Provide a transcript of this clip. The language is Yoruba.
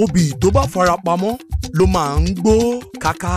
obì tó bá farapamọ́ ló máa ń gbó káká.